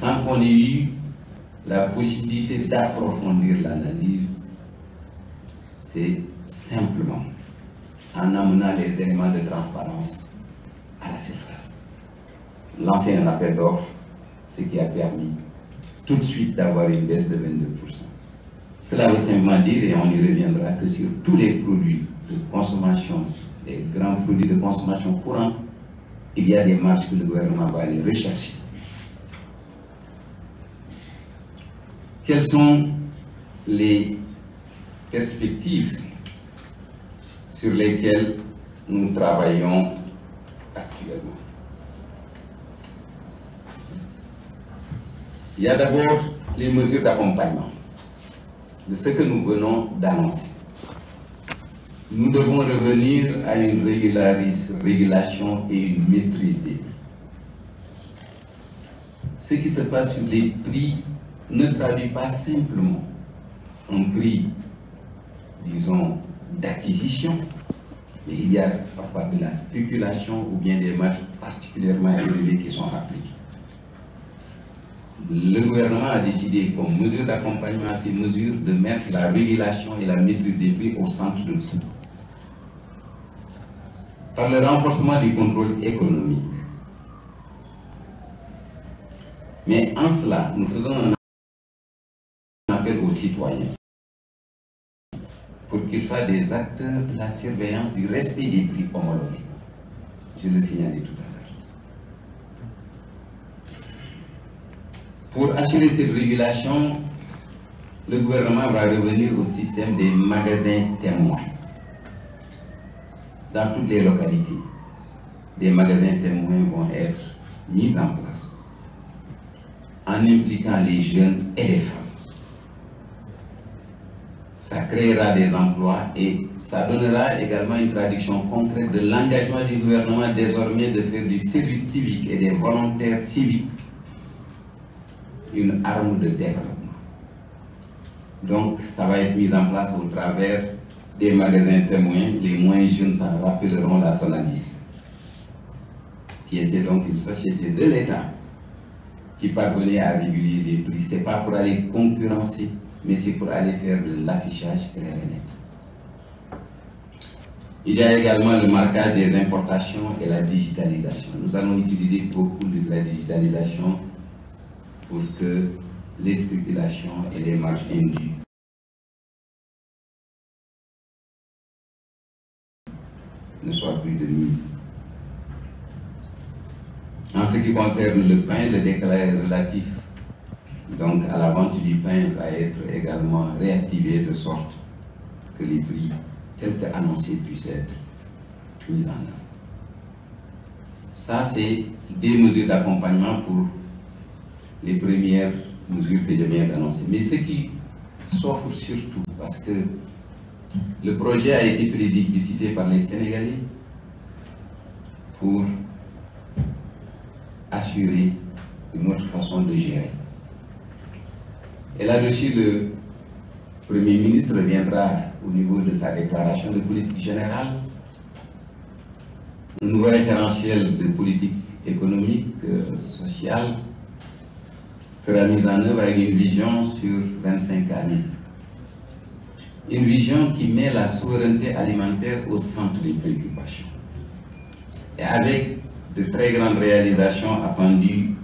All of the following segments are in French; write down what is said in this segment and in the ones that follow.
sans qu'on ait eu la possibilité d'approfondir l'analyse, c'est simplement en amenant les éléments de transparence à la surface. Lancer un appel d'offres, ce qui a permis tout de suite d'avoir une baisse de 22%. Cela veut simplement dire, et on y reviendra, que sur tous les produits de consommation, les grands produits de consommation courants, il y a des marges que le gouvernement va aller rechercher Quelles sont les perspectives sur lesquelles nous travaillons actuellement Il y a d'abord les mesures d'accompagnement de ce que nous venons d'annoncer. Nous devons revenir à une régulation et une maîtrise des prix. Ce qui se passe sur les prix ne traduit pas simplement un prix, disons, d'acquisition, mais il y a parfois de la spéculation ou bien des marges particulièrement élevées qui sont appliquées. Le gouvernement a décidé, comme mesure d'accompagnement à ces mesures, de mettre la régulation et la maîtrise des prix au centre de tout. Par le renforcement du contrôle économique. Mais en cela, nous faisons un citoyens pour qu'ils fasse des acteurs de la surveillance du respect des prix homologués. Je le signale tout à l'heure. Pour assurer cette régulation, le gouvernement va revenir au système des magasins témoins dans toutes les localités. Des magasins témoins vont être mis en place en impliquant les jeunes et les femmes ça créera des emplois et ça donnera également une traduction concrète de l'engagement du gouvernement désormais de faire du service civique et des volontaires civiques une arme de développement. Donc ça va être mis en place au travers des magasins témoins, les moins jeunes s'en rappelleront la Sonadis, qui était donc une société de l'État qui parvenait à réguler les prix. Ce n'est pas pour aller concurrencer mais c'est pour aller faire l'affichage clair et net. Il y a également le marquage des importations et la digitalisation. Nous allons utiliser beaucoup de la digitalisation pour que les spéculations et les marges indues ne soient plus de mise. En ce qui concerne le pain, le décret relatif donc à la vente du pain va être également réactivée de sorte que les prix tels qu'annoncés puissent être mis en œuvre. Ça, c'est des mesures d'accompagnement pour les premières mesures que je viens d'annoncer. Mais ce qui s'offre surtout, parce que le projet a été prédicité par les Sénégalais pour assurer une autre façon de gérer. Et là-dessus, le Premier ministre reviendra au niveau de sa déclaration de politique générale. Un nouveau référentiel de politique économique, euh, sociale, sera mis en œuvre avec une vision sur 25 années. Une vision qui met la souveraineté alimentaire au centre des préoccupations. Et avec de très grandes réalisations attendues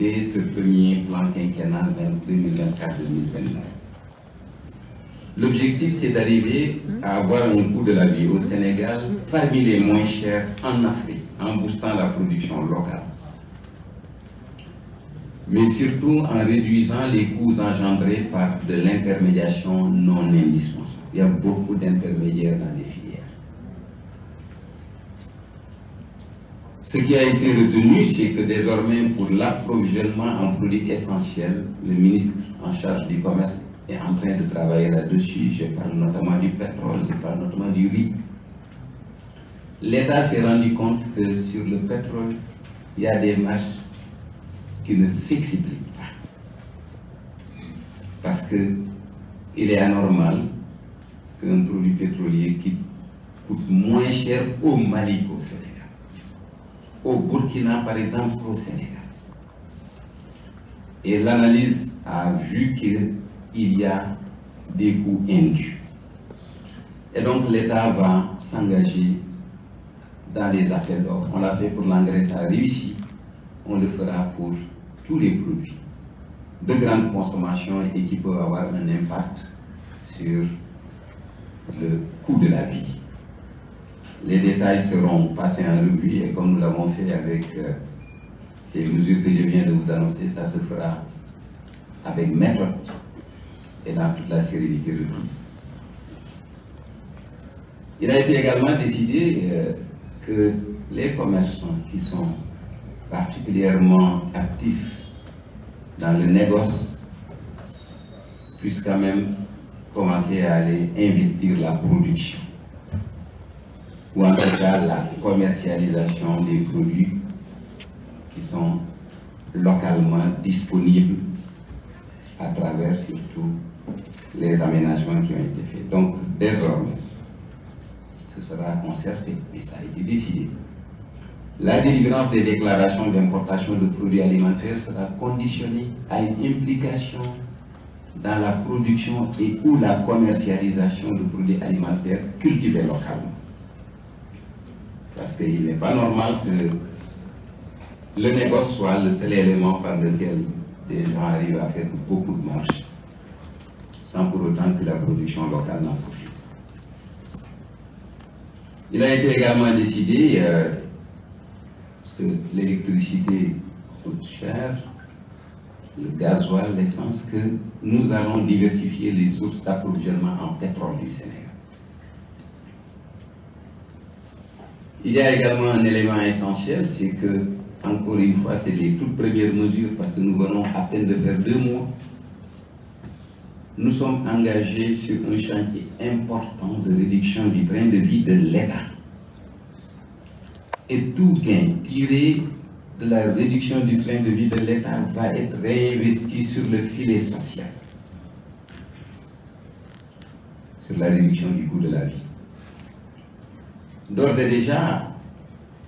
ce premier plan quinquennal 2024-2029. L'objectif, c'est d'arriver à avoir un coût de la vie au Sénégal parmi les moins chers en Afrique, en boostant la production locale. Mais surtout en réduisant les coûts engendrés par de l'intermédiation non indispensable. Il y a beaucoup d'intermédiaires dans les Ce qui a été retenu, c'est que désormais, pour l'approvisionnement en produits essentiels, le ministre en charge du commerce est en train de travailler là-dessus. Je parle notamment du pétrole, je parle notamment du riz. L'État s'est rendu compte que sur le pétrole, il y a des marches qui ne s'expliquent pas. Parce que il est anormal qu'un produit pétrolier qui coûte moins cher au Mali qu'au Sénégal au Burkina, par exemple, au Sénégal. Et l'analyse a vu qu'il y a des coûts induits. Et donc l'État va s'engager dans les affaires d'offres. On l'a fait pour l'engrais, ça a réussi. On le fera pour tous les produits de grande consommation et qui peuvent avoir un impact sur le coût de la vie. Les détails seront passés en revue et comme nous l'avons fait avec euh, ces mesures que je viens de vous annoncer, ça se fera avec méthode et dans toute la sérénité requise. Il a été également décidé euh, que les commerçants qui sont particulièrement actifs dans le négoce puissent quand même commencer à aller investir la production ou en tout cas la commercialisation des produits qui sont localement disponibles à travers surtout les aménagements qui ont été faits. Donc, désormais, ce sera concerté, mais ça a été décidé. La délivrance des déclarations d'importation de produits alimentaires sera conditionnée à une implication dans la production et ou la commercialisation de produits alimentaires cultivés localement. Parce qu'il n'est pas normal que le négoce soit le seul élément par lequel des gens arrivent à faire beaucoup de marches, sans pour autant que la production locale n'en profite. Il a été également décidé, euh, parce que l'électricité coûte cher, le gasoil, l'essence, que nous allons diversifier les sources d'approvisionnement en pétrole du Sénégal. Il y a également un élément essentiel, c'est que, encore une fois, c'est les toutes premières mesures, parce que nous venons à peine de faire deux mois. Nous sommes engagés sur un chantier important de réduction du train de vie de l'État. Et tout gain tiré de la réduction du train de vie de l'État va être réinvesti sur le filet social, sur la réduction du coût de la vie. D'ores et déjà,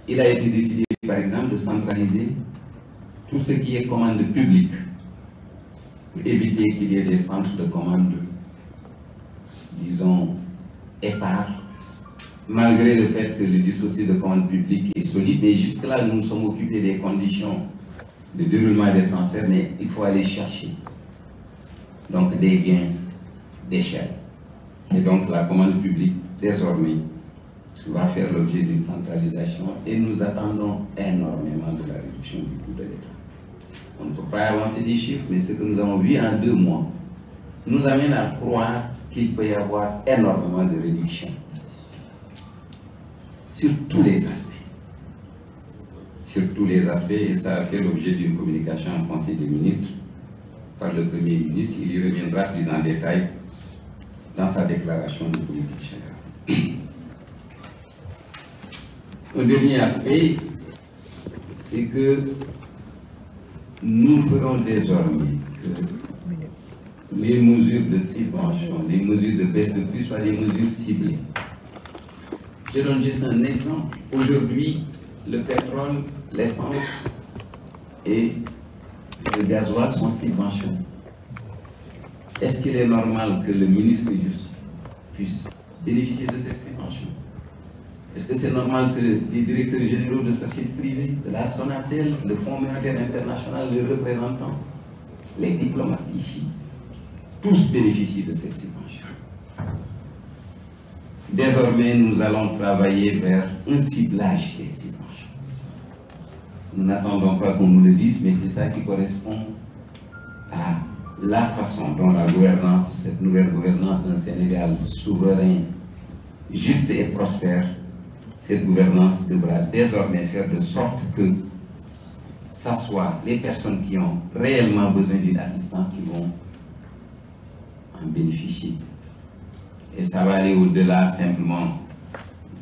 il a été décidé, par exemple, de centraliser tout ce qui est commande publique pour éviter qu'il y ait des centres de commande, disons, épars, malgré le fait que le dispositif de commande publique est solide. Mais jusque-là, nous nous sommes occupés des conditions de déroulement des transferts, mais il faut aller chercher donc des gains d'échelle. Et donc la commande publique, désormais, va faire l'objet d'une centralisation et nous attendons énormément de la réduction du coût de l'État. On ne peut pas avancer des chiffres, mais ce que nous avons vu en deux mois nous amène à croire qu'il peut y avoir énormément de réductions sur tous les aspects. Sur tous les aspects, et ça a fait l'objet d'une communication en Conseil des ministres par le Premier ministre. Il y reviendra plus en détail dans sa déclaration de politique générale. Un dernier aspect, c'est que nous ferons désormais que les mesures de subvention, les mesures de baisse de prix soient des mesures ciblées. Je donne juste un exemple. Aujourd'hui, le pétrole, l'essence et le gasoil sont subventionnés. Est-ce qu'il est normal que le ministre juste puisse bénéficier de cette subvention est-ce que c'est normal que les directeurs généraux de sociétés privées, de la Sonatel, le Fonds monétaire international, les représentants, les diplomates ici, tous bénéficient de cette subvention Désormais, nous allons travailler vers un ciblage des subventions. Nous n'attendons pas qu'on nous le dise, mais c'est ça qui correspond à la façon dont la gouvernance, cette nouvelle gouvernance d'un Sénégal souverain, juste et prospère, cette gouvernance devra désormais faire de sorte que ça soit les personnes qui ont réellement besoin d'une assistance qui vont en bénéficier. Et ça va aller au-delà simplement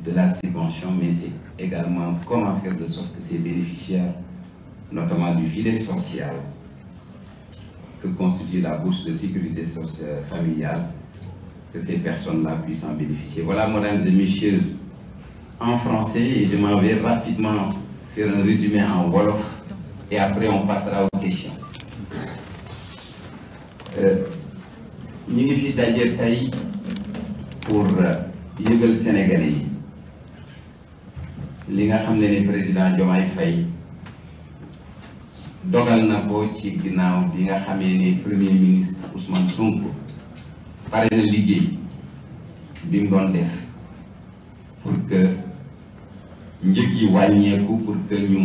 de la subvention, mais c'est également comment faire de sorte que ces bénéficiaires, notamment du filet social que constitue la bourse de sécurité sociale familiale, que ces personnes-là puissent en bénéficier. Voilà, mesdames et messieurs, en français et je m'en vais rapidement faire un résumé en Wolof et après on passera aux questions. Euh, ñu ngi fi pour euh, yëgal Sénégalais yi li nga président Diomaye Faye dogal na ko ci premier ministre Ousmane Sonko pare na liggéey bi pour que njëg yi wàññeeku pour que ñu